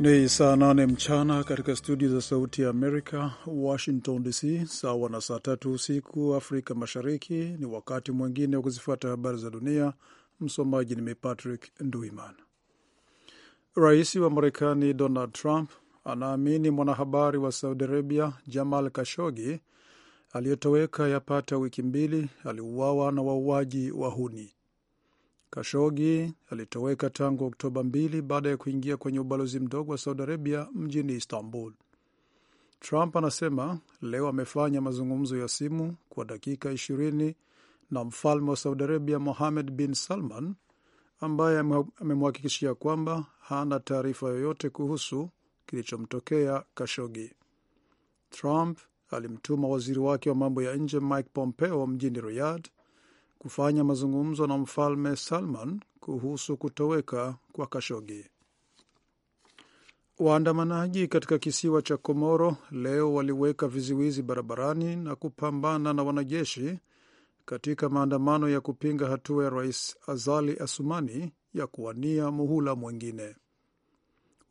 Ni saa nane mchana katika studio za Sauti ya Amerika, Washington DC, sawa na saa tatu usiku Afrika Mashariki. Ni wakati mwingine wa kuzifuata habari za dunia. Msomaji ni mimi Patrick Nduiman. Rais wa Marekani Donald Trump anaamini mwanahabari wa Saudi Arabia Jamal Kashogi aliyetoweka yapata wiki mbili aliuawa na wauaji wa Huni. Kashogi alitoweka tangu Oktoba 2 baada ya kuingia kwenye ubalozi mdogo wa Saudi Arabia mjini Istanbul. Trump anasema leo amefanya mazungumzo ya simu kwa dakika 20 na mfalme wa Saudi Arabia Mohamed bin Salman, ambaye amemhakikishia kwamba hana taarifa yoyote kuhusu kilichomtokea Kashogi. Trump alimtuma waziri wake wa mambo ya nje Mike Pompeo mjini Riyadh kufanya mazungumzo na mfalme Salman kuhusu kutoweka kwa Kashogi. Waandamanaji katika kisiwa cha Komoro leo waliweka viziwizi barabarani na kupambana na wanajeshi katika maandamano ya kupinga hatua ya Rais Azali Asumani ya kuwania muhula mwingine.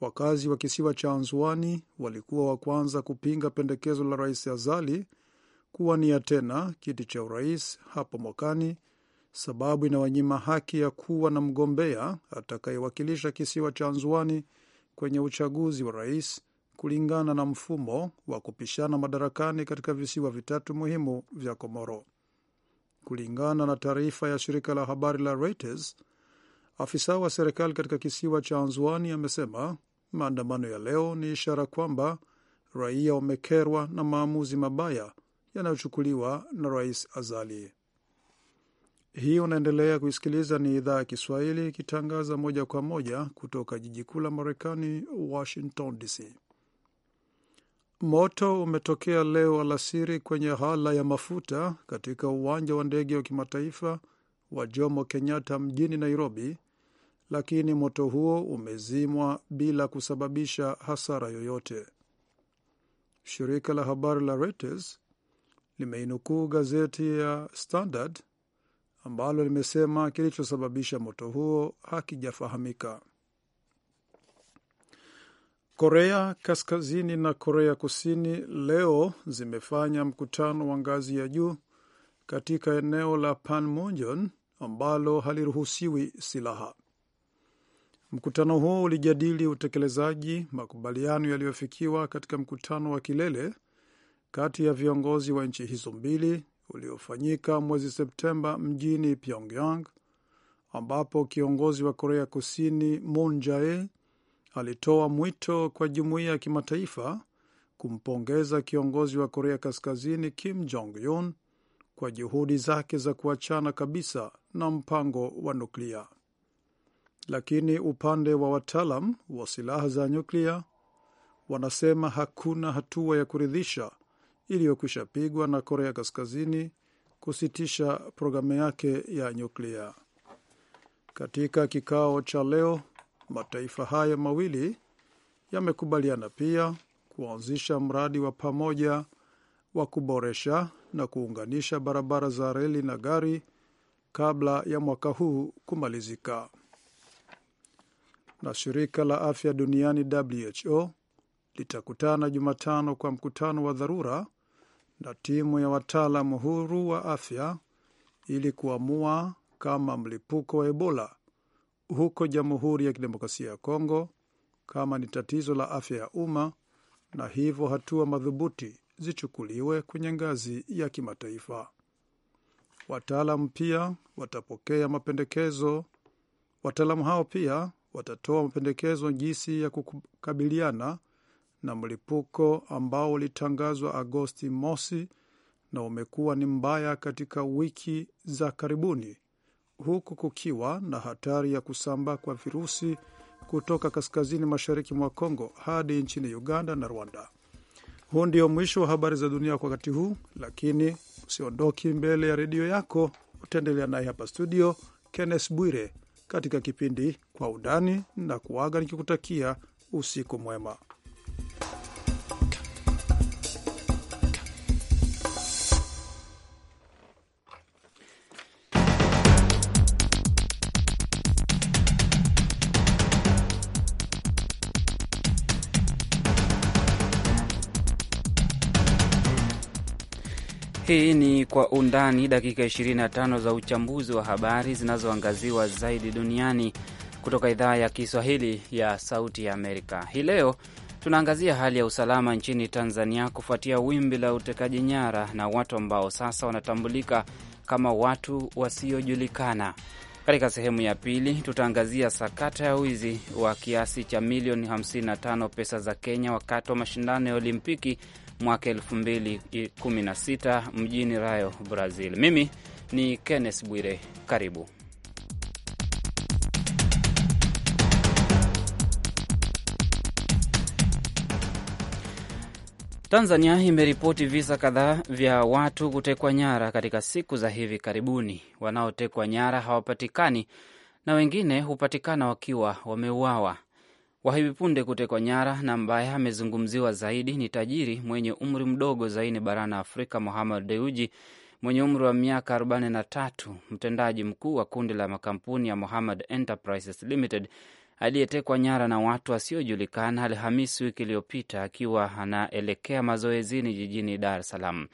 Wakazi wa kisiwa cha Anzwani walikuwa wa kwanza kupinga pendekezo la Rais Azali kuwania tena kiti cha urais hapo mwakani, sababu inawanyima haki ya kuwa na mgombea atakayewakilisha kisiwa cha anzwani kwenye uchaguzi wa rais kulingana na mfumo wa kupishana madarakani katika visiwa vitatu muhimu vya Komoro. Kulingana na taarifa ya shirika la habari la Reuters, afisa wa serikali katika kisiwa cha anzwani amesema maandamano ya leo ni ishara kwamba raia wamekerwa na maamuzi mabaya yanayochukuliwa na Rais Azali. Hii unaendelea kuisikiliza, ni idhaa ya Kiswahili ikitangaza moja kwa moja kutoka jiji kuu la Marekani, Washington DC. Moto umetokea leo alasiri kwenye hala ya mafuta katika uwanja wa ndege wa kimataifa wa Jomo Kenyatta mjini Nairobi, lakini moto huo umezimwa bila kusababisha hasara yoyote. Shirika la habari la Reuters limeinukuu gazeti ya Standard ambalo limesema kilichosababisha moto huo hakijafahamika. Korea Kaskazini na Korea Kusini leo zimefanya mkutano wa ngazi ya juu katika eneo la Panmunjom ambalo haliruhusiwi silaha. Mkutano huo ulijadili utekelezaji makubaliano yaliyofikiwa katika mkutano wa kilele kati ya viongozi wa nchi hizo mbili uliofanyika mwezi Septemba mjini Pyongyang, ambapo kiongozi wa Korea Kusini Moon Jae alitoa mwito kwa jumuiya ya kimataifa kumpongeza kiongozi wa Korea Kaskazini Kim Jong Un kwa juhudi zake za kuachana kabisa na mpango wa nuklia. Lakini upande wa wataalam wa silaha za nyuklia wanasema hakuna hatua ya kuridhisha iliyokwisha pigwa na Korea Kaskazini kusitisha programu yake ya nyuklia. Katika kikao cha leo, mataifa hayo mawili yamekubaliana pia kuanzisha mradi wa pamoja wa kuboresha na kuunganisha barabara za reli na gari kabla ya mwaka huu kumalizika. Na shirika la afya duniani WHO litakutana Jumatano kwa mkutano wa dharura na timu ya wataalamu huru wa afya ili kuamua kama mlipuko wa Ebola huko Jamhuri ya Kidemokrasia ya Kongo kama ni tatizo la afya ya umma na hivyo hatua madhubuti zichukuliwe kwenye ngazi ya kimataifa. Wataalamu pia watapokea mapendekezo. Wataalamu hao pia watatoa mapendekezo jinsi ya kukabiliana na mlipuko ambao ulitangazwa Agosti mosi na umekuwa ni mbaya katika wiki za karibuni, huku kukiwa na hatari ya kusambaa kwa virusi kutoka kaskazini mashariki mwa Kongo hadi nchini Uganda na Rwanda. Huu ndio mwisho wa habari za dunia kwa wakati huu, lakini usiondoki mbele ya redio yako. Utaendelea naye hapa studio Kenneth Bwire katika kipindi Kwa Undani, na kuaga nikikutakia usiku mwema. Hii ni Kwa Undani, dakika 25 za uchambuzi wa habari zinazoangaziwa zaidi duniani kutoka idhaa ya Kiswahili ya Sauti ya Amerika. Hii leo tunaangazia hali ya usalama nchini Tanzania kufuatia wimbi la utekaji nyara na watu ambao sasa wanatambulika kama watu wasiojulikana. Katika sehemu ya pili tutaangazia sakata ya wizi wa kiasi cha milioni 55 pesa za Kenya wakati wa mashindano ya Olimpiki mwaka 2016 mjini Rio, Brazil. Mimi ni Kenneth Bwire, karibu. Tanzania imeripoti visa kadhaa vya watu kutekwa nyara katika siku za hivi karibuni. Wanaotekwa nyara hawapatikani na wengine hupatikana wakiwa wameuawa. Wa hivi punde kutekwa nyara na ambaye amezungumziwa zaidi ni tajiri mwenye umri mdogo zaidi barani Afrika, Mohamed Deuji mwenye umri wa miaka 43, mtendaji mkuu wa kundi la makampuni ya Mohamed Enterprises Limited aliyetekwa nyara na watu wasiojulikana Alhamisi wiki iliyopita akiwa anaelekea mazoezini jijini Dar es Salaam.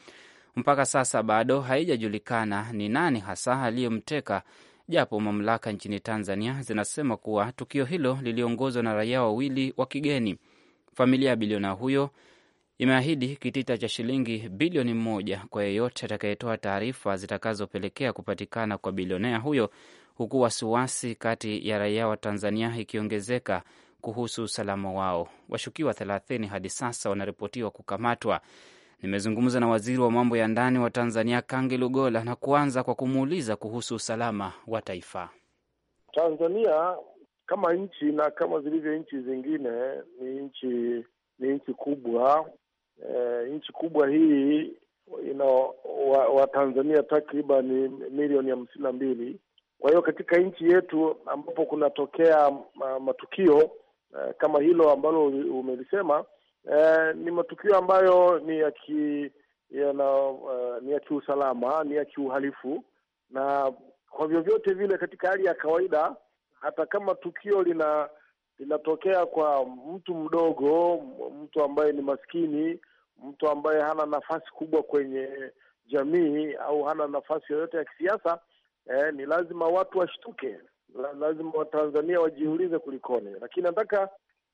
Mpaka sasa bado haijajulikana ni nani hasa aliyemteka, japo mamlaka nchini Tanzania zinasema kuwa tukio hilo liliongozwa na raia wawili wa kigeni. Familia ya bilionea huyo imeahidi kitita cha shilingi bilioni moja kwa yeyote atakayetoa taarifa zitakazopelekea kupatikana kwa bilionea huyo huku wasiwasi kati ya raia wa Tanzania ikiongezeka kuhusu usalama wao. Washukiwa thelathini hadi sasa wanaripotiwa kukamatwa. Nimezungumza na waziri wa mambo ya ndani wa Tanzania Kangi Lugola na kuanza kwa kumuuliza kuhusu usalama wa taifa. Tanzania kama nchi na kama zilivyo nchi zingine ni nchi ni nchi kubwa. E, nchi kubwa hii ina Watanzania wa takriban milioni hamsini na mbili kwa hiyo katika nchi yetu ambapo kunatokea matukio eh, kama hilo ambalo umelisema, eh, ni matukio ambayo ni ya ki, ya na, uh, ni ya kiusalama, ni ya kiuhalifu, na kwa vyovyote vile, katika hali ya kawaida, hata kama tukio lina linatokea kwa mtu mdogo, mtu ambaye ni maskini, mtu ambaye hana nafasi kubwa kwenye jamii au hana nafasi yoyote ya kisiasa eh, ni lazima watu washtuke, lazima Watanzania wajiulize kulikoni. Lakini nataka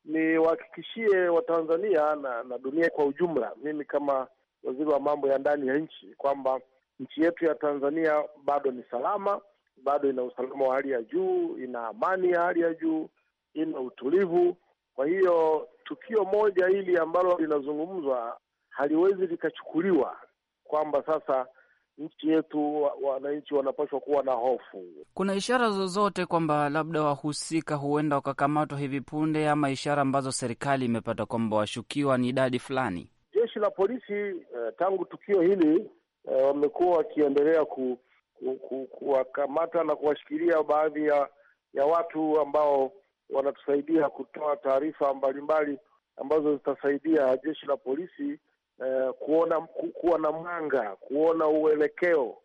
niwahakikishie Watanzania na, na dunia kwa ujumla, mimi kama waziri wa mambo ya ndani ya nchi kwamba nchi yetu ya Tanzania bado ni salama, bado ina usalama wa hali ya juu, ina amani ya hali ya juu, ina utulivu. Kwa hiyo tukio moja hili ambalo linazungumzwa haliwezi likachukuliwa kwamba sasa nchi yetu wananchi wanapaswa kuwa na hofu. Kuna ishara zozote kwamba labda wahusika huenda wakakamatwa hivi punde, ama ishara ambazo serikali imepata kwamba washukiwa ni idadi fulani? Jeshi la polisi eh, tangu tukio hili eh, wamekuwa wakiendelea ku, ku, ku, kuwakamata na kuwashikilia baadhi ya, ya watu ambao wanatusaidia kutoa taarifa mbalimbali ambazo zitasaidia jeshi la polisi Eh, kuona ku, kuwa na mwanga, kuona uelekeo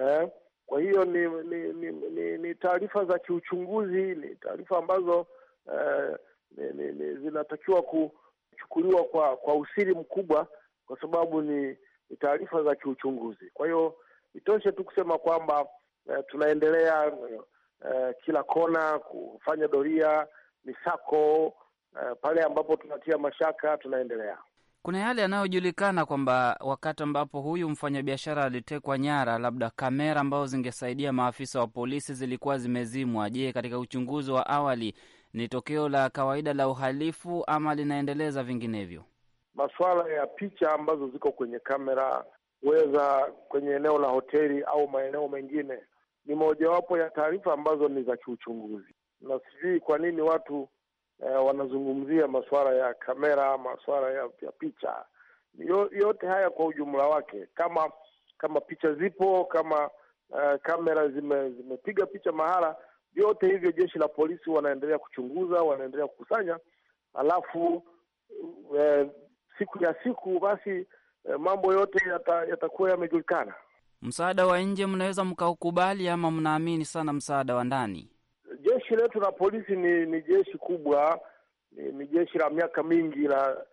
eh. Kwa hiyo ni ni, ni, ni, ni taarifa za kiuchunguzi, ni taarifa ambazo eh, zinatakiwa kuchukuliwa kwa kwa usiri mkubwa, kwa sababu ni, ni taarifa za kiuchunguzi. Kwa hiyo itoshe tu kusema kwamba eh, tunaendelea eh, kila kona kufanya doria, misako eh, pale ambapo tunatia mashaka tunaendelea kuna yale yanayojulikana kwamba wakati ambapo huyu mfanyabiashara alitekwa nyara, labda kamera ambazo zingesaidia maafisa wa polisi zilikuwa zimezimwa. Je, katika uchunguzi wa awali ni tokeo la kawaida la uhalifu ama linaendeleza vinginevyo? Masuala ya picha ambazo ziko kwenye kamera, huweza kwenye eneo la hoteli au maeneo mengine, ni mojawapo ya taarifa ambazo ni za kiuchunguzi, na sijui kwa nini watu eh, wanazungumzia masuala ya kamera, masuala ya, ya picha yo, yote haya kwa ujumla wake, kama kama picha zipo, kama eh, kamera zime, zimepiga picha mahala, vyote hivyo jeshi la polisi wanaendelea kuchunguza, wanaendelea kukusanya, alafu eh, siku ya siku basi eh, mambo yote yatakuwa yata yamejulikana. Msaada wa nje mnaweza mkaukubali, ama mnaamini sana msaada wa ndani? jeshi letu la polisi ni, ni jeshi kubwa ni, ni jeshi la miaka mingi la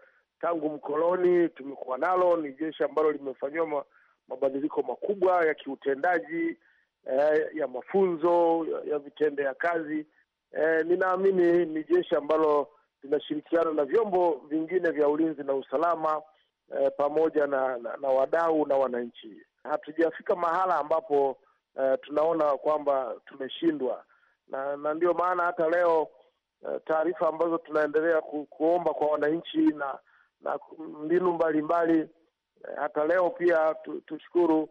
tangu mkoloni tumekuwa nalo. Ni jeshi ambalo limefanyiwa mabadiliko makubwa ya kiutendaji eh, ya mafunzo ya, ya vitendo ya kazi eh, ninaamini ni jeshi ambalo linashirikiana na vyombo vingine vya ulinzi na usalama eh, pamoja na, na, na wadau na wananchi. Hatujafika mahala ambapo eh, tunaona kwamba tumeshindwa na, na ndio maana hata leo eh, taarifa ambazo tunaendelea ku, kuomba kwa wananchi na na mbinu mbalimbali eh, hata leo pia tu, tushukuru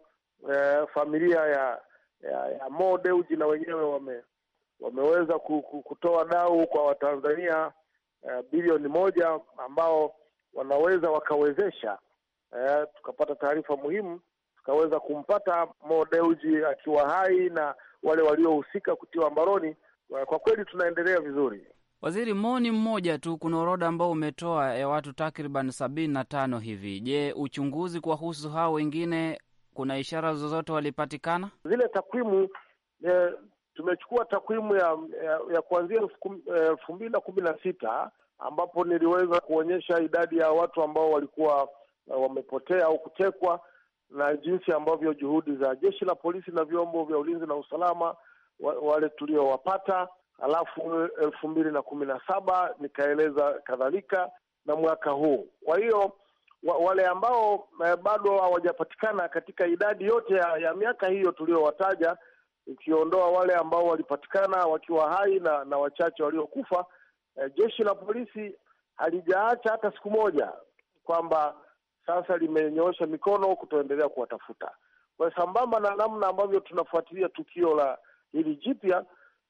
eh, familia ya ya, ya Mo Dewji na wenyewe wame, wameweza ku, ku, kutoa dau kwa Watanzania eh, bilioni moja ambao wanaweza wakawezesha eh, tukapata taarifa muhimu tukaweza kumpata Mo Dewji akiwa hai na wale waliohusika kutiwa mbaroni. Kwa kweli tunaendelea vizuri. Waziri Moni, ni mmoja tu, kuna orodha ambao umetoa ya watu takriban sabini na tano hivi. Je, uchunguzi kuwahusu hao wengine, kuna ishara zozote walipatikana? Zile takwimu e, tumechukua takwimu ya, ya, ya kuanzia elfu e, mbili na kumi na sita ambapo niliweza kuonyesha idadi ya watu ambao walikuwa e, wamepotea au kutekwa na jinsi ambavyo juhudi za jeshi la polisi na vyombo vya ulinzi na usalama wale tuliowapata. Alafu elfu mbili na kumi na saba nikaeleza kadhalika na mwaka huu. Kwa hiyo wa, wale ambao eh, bado hawajapatikana katika idadi yote ya, ya miaka hiyo tuliowataja ikiondoa wale ambao walipatikana wakiwa hai na, na wachache waliokufa, eh, jeshi la polisi halijaacha hata siku moja kwamba sasa limenyoosha mikono kutoendelea kuwatafuta. Kwa sambamba na namna ambavyo tunafuatilia tukio la hili jipya,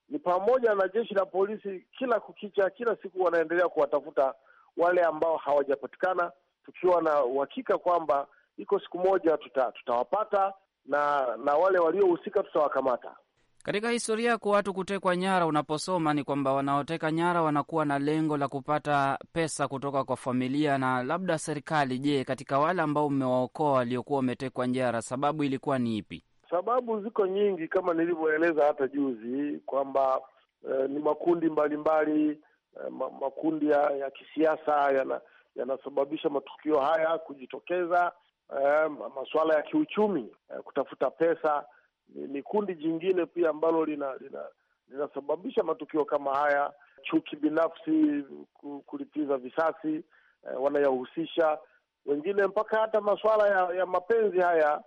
ni pamoja na jeshi la polisi kila kukicha, kila siku wanaendelea kuwatafuta wale ambao hawajapatikana, tukiwa na uhakika kwamba iko siku moja tuta, tutawapata na na wale waliohusika tutawakamata. Katika historia kwa watu kutekwa nyara, unaposoma ni kwamba wanaoteka nyara wanakuwa na lengo la kupata pesa kutoka kwa familia na labda serikali. Je, katika wale ambao mmewaokoa waliokuwa wametekwa nyara, sababu ilikuwa ni ipi? Sababu ziko nyingi kama nilivyoeleza hata juzi kwamba eh, ni makundi mbalimbali eh, makundi ya, ya kisiasa yanasababisha ya matukio haya kujitokeza eh, masuala ya kiuchumi eh, kutafuta pesa ni, ni kundi jingine pia ambalo lina, lina, linasababisha matukio kama haya, chuki binafsi, kulipiza visasi eh, wanayahusisha wengine mpaka hata masuala ya, ya mapenzi haya.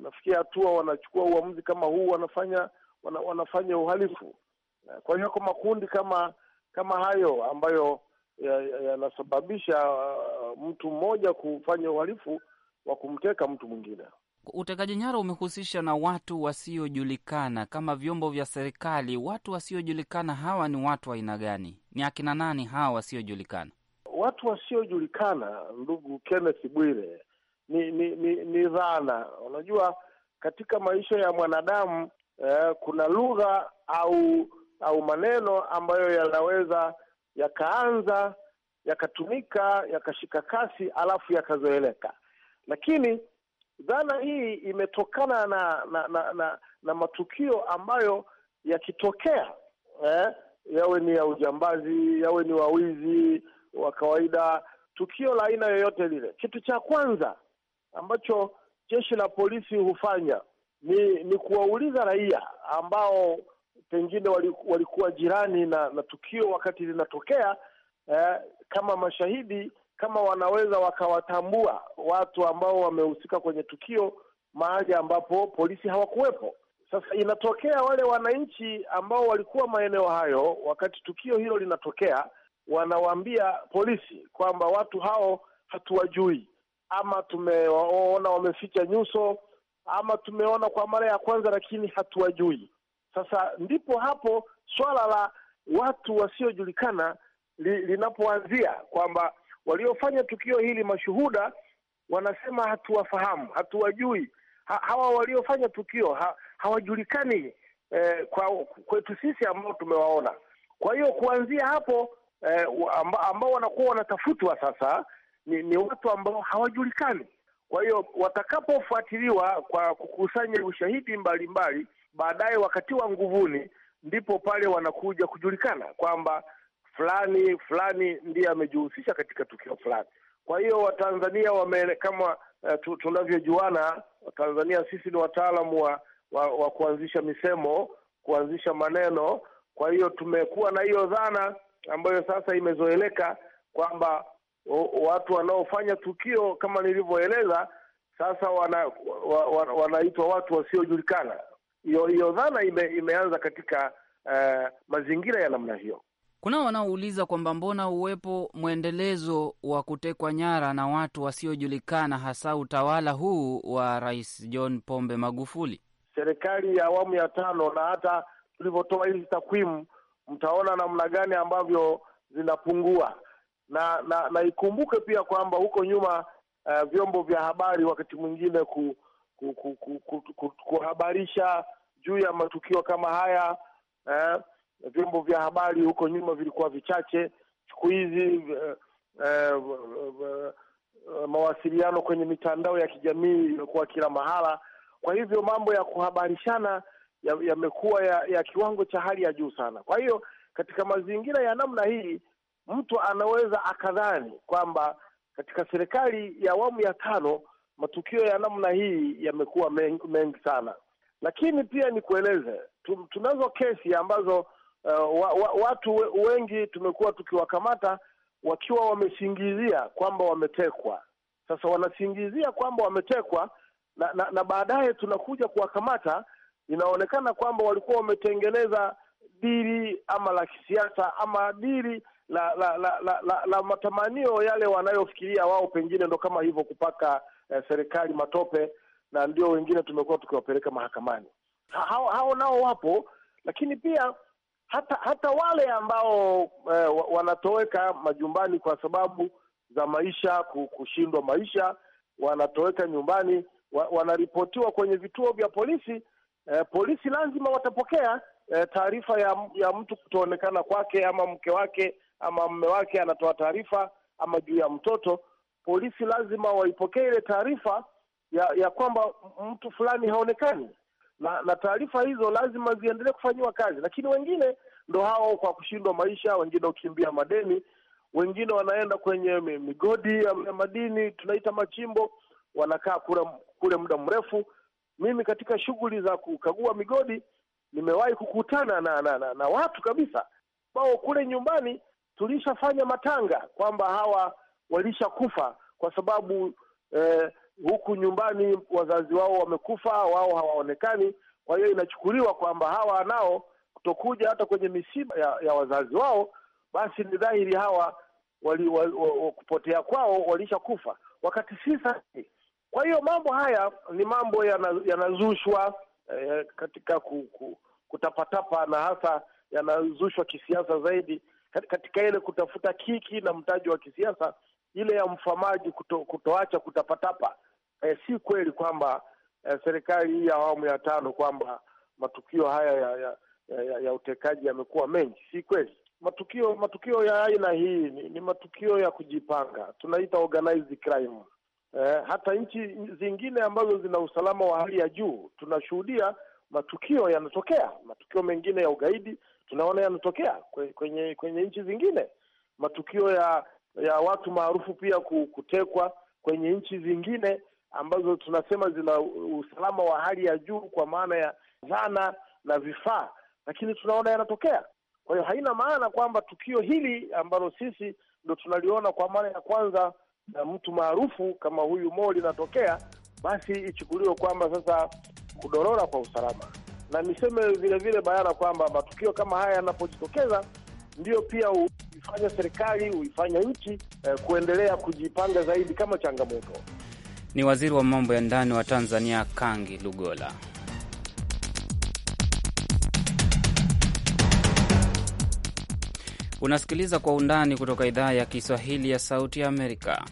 Nafikia hatua wanachukua uamuzi kama huu, wanafanya wana, wanafanya uhalifu. Eh, kwa hiyo makundi kama kama hayo ambayo yanasababisha ya, ya uh, mtu mmoja kufanya uhalifu wa kumteka mtu mwingine. Utekaji nyara umehusisha na watu wasiojulikana kama vyombo vya serikali. Watu wasiojulikana hawa ni watu wa aina gani? Ni akina nani hawa wasiojulikana? Watu wasiojulikana, ndugu Kenneth Bwire, ni ni, ni ni dhana. Unajua, katika maisha ya mwanadamu eh, kuna lugha au au maneno ambayo yanaweza yakaanza yakatumika yakashika kasi alafu yakazoeleka, lakini Dhana hii imetokana na na, na, na, na matukio ambayo yakitokea eh, yawe ni ya ujambazi, yawe ni wawizi wa kawaida, tukio la aina yoyote lile, kitu cha kwanza ambacho jeshi la polisi hufanya ni ni kuwauliza raia ambao pengine walikuwa jirani na, na tukio wakati linatokea eh, kama mashahidi kama wanaweza wakawatambua watu ambao wamehusika kwenye tukio mahali ambapo polisi hawakuwepo. Sasa inatokea wale wananchi ambao walikuwa maeneo hayo wakati tukio hilo linatokea, wanawaambia polisi kwamba watu hao hatuwajui, ama tumewaona wameficha nyuso, ama tumeona kwa mara ya kwanza, lakini hatuwajui. Sasa ndipo hapo swala la watu wasiojulikana li, linapoanzia kwamba Waliofanya tukio hili mashuhuda wanasema hatuwafahamu, hatuwajui. Ha, hawa waliofanya tukio ha, hawajulikani eh, kwa kwetu sisi ambao tumewaona. Kwa hiyo kuanzia hapo eh, ambao wanakuwa wanatafutwa sasa ni, ni watu ambao hawajulikani. Kwa hiyo watakapofuatiliwa kwa kukusanya ushahidi mbalimbali, baadaye wakati wa nguvuni, ndipo pale wanakuja kujulikana kwamba fulani fulani ndiye amejihusisha katika tukio fulani. Kwa hiyo Watanzania wame kama uh, tunavyojuana Watanzania sisi ni wataalamu wa, wa, wa kuanzisha misemo, kuanzisha maneno. Kwa hiyo tumekuwa na hiyo dhana ambayo sasa imezoeleka kwamba watu wanaofanya tukio kama nilivyoeleza sasa wanaitwa wa, wa, wanaitwa watu wasiojulikana. Hiyo hiyo dhana ime, imeanza katika uh, mazingira ya namna hiyo kuna wanaouliza kwamba mbona uwepo mwendelezo wa kutekwa nyara na watu wasiojulikana, hasa utawala huu wa Rais John Pombe Magufuli, serikali ya awamu ya tano. Na hata tulivyotoa hizi takwimu, mtaona namna gani ambavyo zinapungua, na na, na ikumbuke pia kwamba huko nyuma uh, vyombo vya habari wakati mwingine ku, ku, ku, ku, ku, ku, kuhabarisha juu ya matukio kama haya eh, vyombo vya habari huko nyuma vilikuwa vichache. Siku hizi uh, uh, uh, uh, mawasiliano kwenye mitandao ya kijamii imekuwa kila mahala. Kwa hivyo mambo ya kuhabarishana yamekuwa ya, ya, ya kiwango cha hali ya juu sana. Kwa hiyo katika mazingira ya namna hii, mtu anaweza akadhani kwamba katika serikali ya awamu ya tano matukio ya namna hii yamekuwa mengi, mengi sana, lakini pia nikueleze tunazo kesi ambazo uh, wa, wa, watu wengi tumekuwa tukiwakamata wakiwa wamesingizia kwamba wametekwa. Sasa wanasingizia kwamba wametekwa na, na, na baadaye tunakuja kuwakamata, inaonekana kwamba walikuwa wametengeneza dili ama la kisiasa ama dili la la, la, la, la la matamanio yale wanayofikiria wao, pengine ndo kama hivyo kupaka eh, serikali matope, na ndio wengine tumekuwa tukiwapeleka mahakamani. Hao, hao nao wapo, lakini pia hata hata wale ambao eh, wanatoweka majumbani kwa sababu za maisha, kushindwa maisha, wanatoweka nyumbani, wa, wanaripotiwa kwenye vituo vya polisi eh, polisi lazima watapokea eh, taarifa ya, ya mtu kutoonekana kwake ama mke wake ama mme wake anatoa taarifa ama juu ya mtoto. Polisi lazima waipokee ile taarifa ya, ya kwamba mtu fulani haonekani na, na taarifa hizo lazima ziendelee kufanyiwa kazi, lakini wengine ndo hao kwa kushindwa maisha, wengine wakimbia madeni, wengine wanaenda kwenye migodi ya madini tunaita machimbo, wanakaa kule muda mrefu. Mimi katika shughuli za kukagua migodi nimewahi kukutana na, na, na, na watu kabisa ambao kule nyumbani tulishafanya matanga kwamba hawa walishakufa kwa sababu eh, huku nyumbani wazazi wao wamekufa, wao hawaonekani. Kwa hiyo inachukuliwa kwamba hawa nao kutokuja hata kwenye misiba ya, ya wazazi wao, basi ni dhahiri hawa wali, wa, wa, kupotea kwao walishakufa, wakati si sahihi. Kwa hiyo mambo haya ni mambo yanazushwa na, eh, ya katika ku, ku, kutapatapa na hasa yanazushwa kisiasa zaidi katika ile kutafuta kiki na mtaji wa kisiasa ile ya mfamaji kuto, kutoacha kutapatapa e, si kweli kwamba e, serikali hii ya awamu ya tano kwamba matukio haya ya, ya, ya, ya utekaji yamekuwa mengi. Si kweli. Matukio matukio ya aina hii ni, ni matukio ya kujipanga, tunaita organized crime. E, hata nchi zingine ambazo zina usalama wa hali ya juu tunashuhudia matukio yanatokea, matukio mengine ya ugaidi tunaona yanatokea kwenye kwenye nchi zingine, matukio ya ya watu maarufu pia kutekwa kwenye nchi zingine ambazo tunasema zina usalama wa hali ya juu kwa maana ya zana na vifaa, lakini tunaona yanatokea. Kwa hiyo haina maana kwamba tukio hili ambalo sisi ndo tunaliona kwa mara ya kwanza na mtu maarufu kama huyu Mo linatokea, basi ichukuliwe kwamba sasa kudorora kwa usalama. Na niseme vilevile bayana kwamba matukio kama haya yanapojitokeza ndiyo pia huifanya serikali, huifanya nchi eh, kuendelea kujipanga zaidi kama changamoto ni waziri wa mambo ya ndani wa Tanzania Kangi Lugola. Unasikiliza kwa undani kutoka idhaa ya Kiswahili ya Sauti ya Amerika.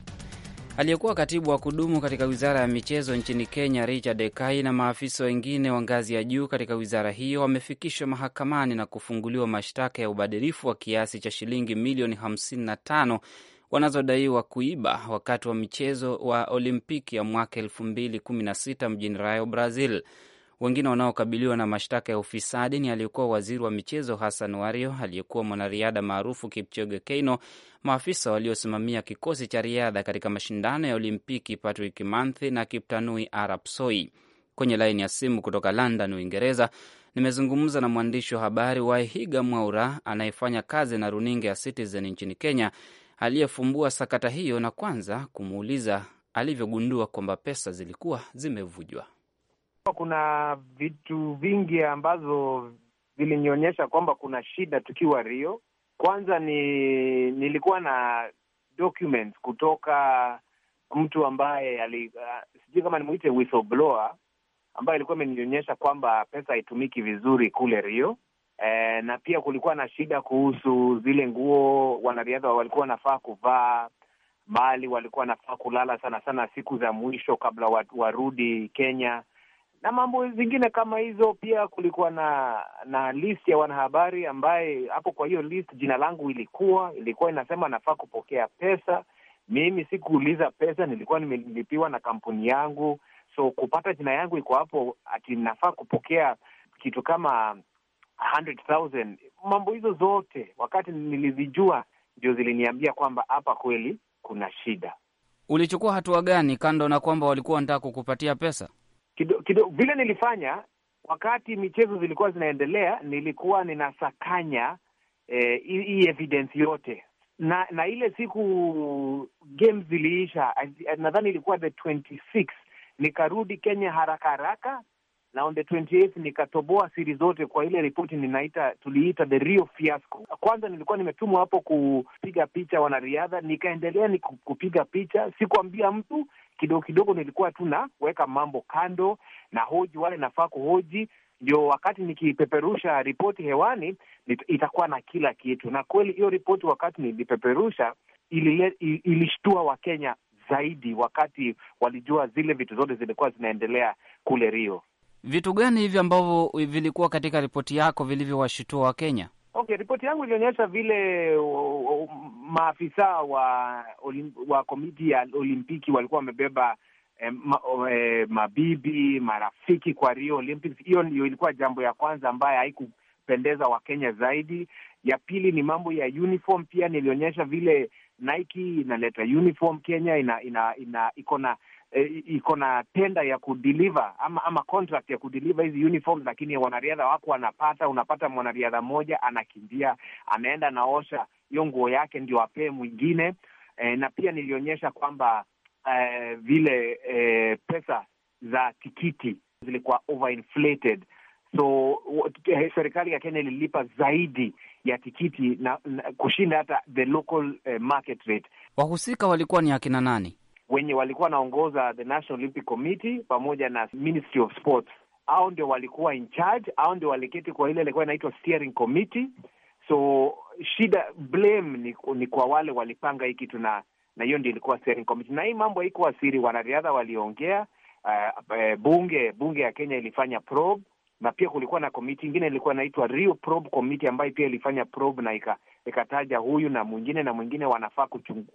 Aliyekuwa katibu wa kudumu katika wizara ya michezo nchini Kenya, Richard Ekai, na maafisa wengine wa ngazi ya juu katika wizara hiyo wamefikishwa mahakamani na kufunguliwa mashtaka ya ubadhirifu wa kiasi cha shilingi milioni 55 wanazodaiwa kuiba wakati wa michezo wa Olimpiki ya mwaka elfu mbili kumi na sita mjini Rio, Brazil. Wengine wanaokabiliwa na mashtaka ya ufisadi ni aliyekuwa waziri wa michezo Hassan Wario, aliyekuwa mwanariadha maarufu Kipchoge Keino, maafisa waliosimamia kikosi cha riadha katika mashindano ya Olimpiki Patrick Manthi na Kiptanui Arap Soi. Kwenye laini ya simu kutoka London, Uingereza, nimezungumza na mwandishi wa habari Waihiga Mwaura anayefanya kazi na runinga ya Citizen nchini Kenya aliyefumbua sakata hiyo na kwanza kumuuliza alivyogundua kwamba pesa zilikuwa zimevujwa. Kuna vitu vingi ambazo vilinionyesha kwamba kuna shida tukiwa Rio. Kwanza ni nilikuwa na documents kutoka mtu ambaye ali, uh, sijui kama nimwite whistleblower ambayo ilikuwa imenionyesha kwamba pesa haitumiki vizuri kule Rio e, na pia kulikuwa na shida kuhusu zile nguo wanariadha walikuwa wanafaa kuvaa, mali walikuwa wanafaa kulala sana sana siku za mwisho kabla warudi Kenya na mambo zingine kama hizo. Pia kulikuwa na na list ya wanahabari ambaye hapo, kwa hiyo list jina langu ilikuwa ilikuwa inasema nafaa kupokea pesa. Mimi sikuuliza pesa, nilikuwa nimelipiwa na kampuni yangu, so kupata jina yangu iko hapo, ati nafaa kupokea kitu kama 100,000 mambo hizo zote wakati nilizijua, ndio ziliniambia kwamba hapa kweli kuna shida. Ulichukua hatua gani, kando na kwamba walikuwa wanataka kukupatia pesa kido, kido? Vile nilifanya wakati michezo zilikuwa zinaendelea, nilikuwa ninasakanya eh, hii eh, evidence yote na na ile siku games ziliisha, nadhani ilikuwa the 26 nikarudi Kenya haraka haraka na on the 28th nikatoboa siri zote kwa ile ripoti ninaita, tuliita the Rio Fiasco. Kwanza nilikuwa nimetumwa hapo kupiga picha wanariadha, nikaendelea ni kupiga picha, sikuambia mtu. Kidogo kidogo nilikuwa tu naweka mambo kando na hoji wale nafaa kuhoji, ndio wakati nikipeperusha ripoti hewani itakuwa na kila kitu. Na kweli hiyo ripoti wakati nilipeperusha ilishtua ili Wakenya zaidi wakati walijua zile vitu zote zilikuwa zinaendelea kule Rio. Vitu gani hivyo ambavyo vilikuwa katika ripoti yako vilivyowashutua Wakenya? Okay, ripoti yangu ilionyesha vile maafisa wa wa komiti ya Olimpiki walikuwa wamebeba eh, eh, mabibi marafiki kwa Rio Olympics. Hiyo ndio ilikuwa jambo ya kwanza ambayo haikupendeza Wakenya zaidi. Ya pili ni mambo ya uniform, pia nilionyesha vile Nike inaleta uniform Kenya, ina ina ina iko na Eh, iko na tenda ya kudeliver ama ama contract ya kudeliver hizi uniforms, lakini wanariadha wako wanapata, unapata mwanariadha mmoja anakimbia, anaenda naosha hiyo nguo yake ndio apee mwingine. E, na pia nilionyesha kwamba e, vile e, pesa za tikiti zilikuwa overinflated so serikali ya Kenya ililipa zaidi ya tikiti na, na kushinda hata the local uh, market rate. Wahusika walikuwa ni akina nani? wenye walikuwa wanaongoza the National Olympic Committee pamoja na Ministry of Sports. au ndio walikuwa in charge, au ndio waliketi kwa ile ilikuwa inaitwa steering committee. So shida blame ni, ni kwa wale walipanga hii kitu, na na hiyo ndio ilikuwa steering committee, na hii mambo haikuwa siri, wanariadha waliongea. Uh, uh, bunge bunge ya Kenya ilifanya probe na pia kulikuwa na komiti ingine ilikuwa inaitwa Rio Probe Committee ambayo pia ilifanya probe na ikataja huyu na mwingine na mwingine wanafaa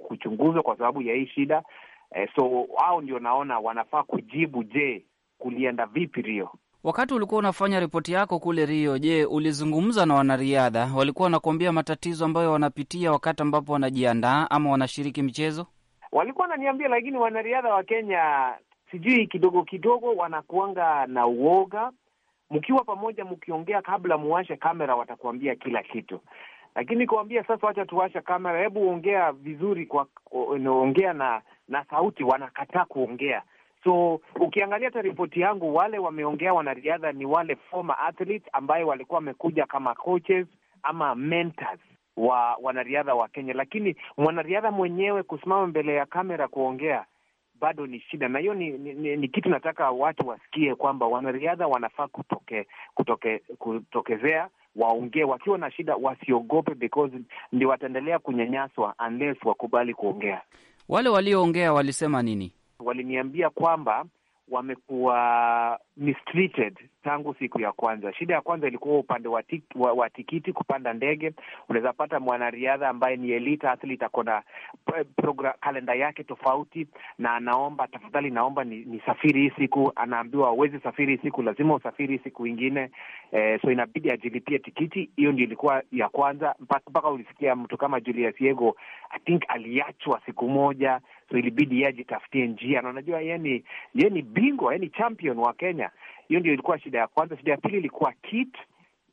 kuchunguzwa kwa sababu ya hii shida eh, so wao ndio naona wanafaa kujibu, je, kulienda vipi Rio? Wakati ulikuwa unafanya ripoti yako kule Rio, je, ulizungumza na wanariadha? Walikuwa wanakuambia matatizo ambayo wanapitia wakati ambapo wanajiandaa ama wanashiriki michezo? Walikuwa wananiambia, lakini wanariadha wa Kenya sijui kidogo kidogo wanakuanga na uoga. Mkiwa pamoja, mkiongea, kabla muwashe kamera, watakuambia kila kitu lakini nikawambia sasa, wacha tuwasha kamera, hebu ongea vizuri, kwa ongea na na sauti. Wanakataa kuongea. So ukiangalia hata ripoti yangu, wale wameongea wanariadha ni wale former athletes walikuwa wamekuja kama coaches ama mentors wa wanariadha wa Kenya, lakini mwanariadha mwenyewe kusimama mbele ya kamera kuongea bado ni shida, na hiyo ni, ni, ni, ni kitu nataka watu wasikie kwamba wanariadha wanafaa kutoke, kutoke, kutokezea waongee, wakiwa na shida wasiogope, because ndi wataendelea kunyanyaswa unless wakubali kuongea. Wale walioongea walisema nini? Waliniambia kwamba wamekuwa mistreated tangu siku ya kwanza. Shida ya kwanza ilikuwa upande wa, tiki, wa, wa tikiti kupanda ndege. Unaweza pata mwanariadha ambaye ni elite athlete ako na kalenda yake tofauti, na anaomba tafadhali, naomba ni, ni safiri hii siku, anaambiwa hawezi safiri hii siku, lazima usafiri hii siku ingine. E, so inabidi ajilipie tikiti. Hiyo ndio ilikuwa ya kwanza, mpaka ulisikia mtu kama Julius Yego I think aliachwa siku moja so ilibidi yeye ajitafutie njia, na unajua yeye ni yeye ni bingwa, yeye ni champion wa Kenya. Hiyo ndio ilikuwa shida ya kwanza. Shida ya pili ilikuwa kit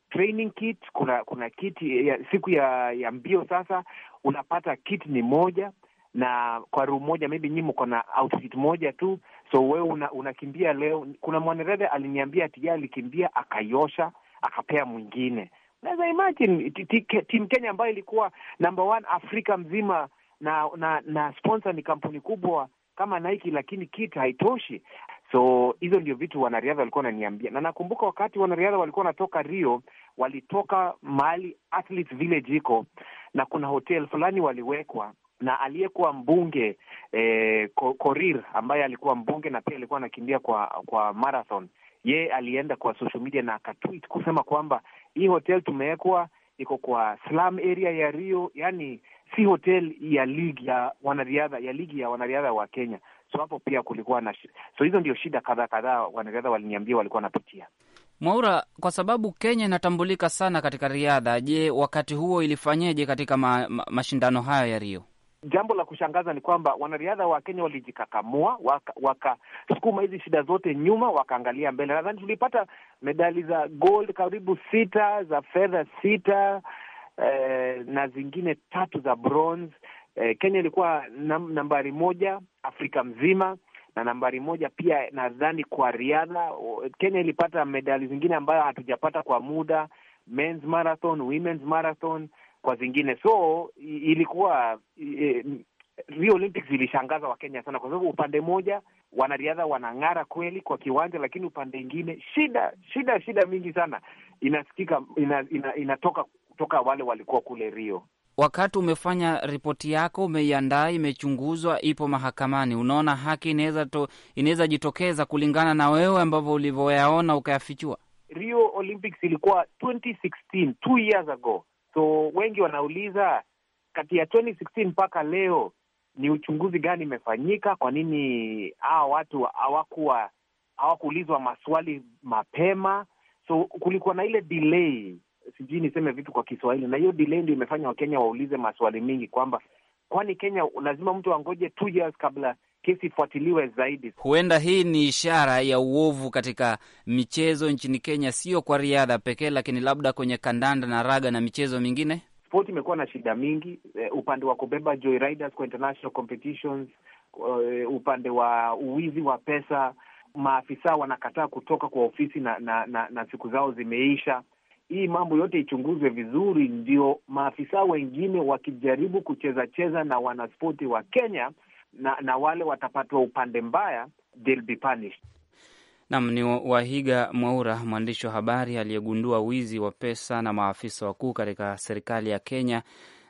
training kit. Kuna kuna kit ya siku ya ya mbio, sasa unapata kit ni moja na kwa ruu moja, maybe nyinyi mko na outfit moja tu, so wewe una, unakimbia leo. Kuna mwanariadha aliniambia ati yeye alikimbia akaiosha akapea mwingine. Unaweza imagine timu Kenya ambayo ilikuwa number one Afrika mzima na na na sponsor ni kampuni kubwa kama Nike, lakini kit haitoshi. So hizo ndio vitu wanariadha walikuwa wananiambia, na nakumbuka wakati wanariadha walikuwa wanatoka Rio, walitoka mahali Athletes Village iko na kuna hotel fulani waliwekwa na aliyekuwa mbunge eh, Korir ambaye alikuwa mbunge na pia alikuwa anakimbia kwa kwa marathon. Ye alienda kwa social media na akatweet kusema kwamba hii hotel tumewekwa iko kwa slum area ya Rio, yani si hotel ya ligi ya wanariadha ya ligi ya wanariadha wa Kenya. So hapo pia kulikuwa na so hizo ndio shida kadhaa kadhaa wanariadha waliniambia walikuwa wanapitia. Mwaura, kwa sababu Kenya inatambulika sana katika riadha, je, wakati huo ilifanyeje katika ma, ma, mashindano hayo ya Rio? Jambo la kushangaza ni kwamba wanariadha wa Kenya walijikakamua, wakasukuma waka hizi shida zote nyuma, wakaangalia mbele. Nadhani tulipata medali za gold karibu sita, za fedha sita, eh, na zingine tatu za bronze. Eh, Kenya ilikuwa nam, nambari moja Afrika mzima na nambari moja pia nadhani kwa riadha. Kenya ilipata medali zingine ambayo hatujapata kwa muda, men's marathon, women's marathon kwa zingine. So ilikuwa eh, Rio Olympics ilishangaza Wakenya sana, kwa sababu upande moja wanariadha wanang'ara kweli kwa kiwanja, lakini upande ingine shida shida shida mingi sana inasikika ina, ina, inatoka kutoka wale walikuwa kule Rio. Wakati umefanya ripoti yako, umeiandaa, imechunguzwa, ipo mahakamani, unaona haki inaweza inaweza jitokeza kulingana na wewe ambavyo ulivyoyaona ukayafichua. Rio Olympics ilikuwa 2016, two years ago, so wengi wanauliza kati ya 2016 mpaka leo ni uchunguzi gani imefanyika? Kwa nini hawa watu hawakuwa hawakuulizwa maswali mapema? So kulikuwa na ile delay sijui niseme vitu kwa Kiswahili, na hiyo delay ndio imefanya Wakenya waulize maswali mengi kwamba kwani Kenya lazima mtu angoje two years kabla kesi ifuatiliwe zaidi. Huenda hii ni ishara ya uovu katika michezo nchini Kenya, sio kwa riadha pekee, lakini labda kwenye kandanda na raga na michezo mingine. Spoti imekuwa na shida mingi uh, upande wa kubeba kwa international competitions eh, upande wa uwizi wa pesa, maafisa wanakataa kutoka kwa ofisi na na, na, na siku zao zimeisha hii mambo yote ichunguzwe vizuri, ndio maafisa wengine wakijaribu kucheza cheza na wanaspoti wa Kenya na, na wale watapatwa upande mbaya they'll be punished. Nam ni Wahiga Mwaura, mwandishi wa habari aliyegundua wizi wa pesa na maafisa wakuu katika serikali ya Kenya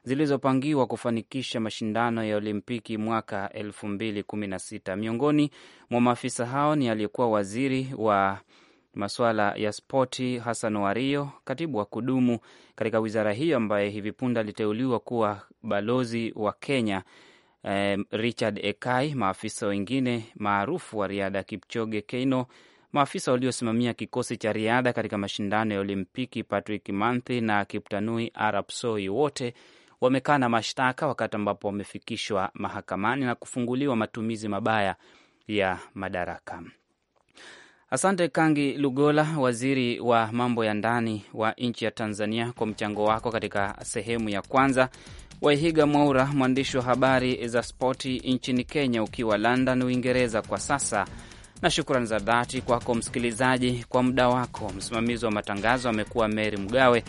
zilizopangiwa kufanikisha mashindano ya Olimpiki mwaka elfu mbili kumi na sita. Miongoni mwa maafisa hao ni aliyekuwa waziri wa masuala ya spoti Hassan Wario, katibu wa kudumu katika wizara hiyo ambaye hivi punde aliteuliwa kuwa balozi wa Kenya, eh, Richard Ekai, maafisa wengine maarufu wa riadha Kipchoge Keino, maafisa waliosimamia kikosi cha riadha katika mashindano ya Olimpiki Patrick Manthi na Kiptanui arab Soi, wote na mashtaka wakati ambapo wamefikishwa mahakamani na kufunguliwa matumizi mabaya ya madaraka. Asante Kangi Lugola, waziri wa mambo ya ndani wa nchi ya Tanzania, kwa mchango wako katika sehemu ya kwanza. Waihiga Mwaura, mwandishi wa habari za spoti nchini Kenya, ukiwa London, Uingereza kwa sasa. Na shukrani za dhati kwako msikilizaji kwa muda wako. Msimamizi wa matangazo amekuwa Meri Mgawe,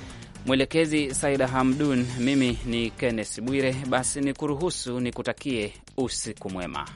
mwelekezi Saida Hamdun, mimi ni Kenneth Bwire. Basi ni kuruhusu ni kutakie usiku mwema.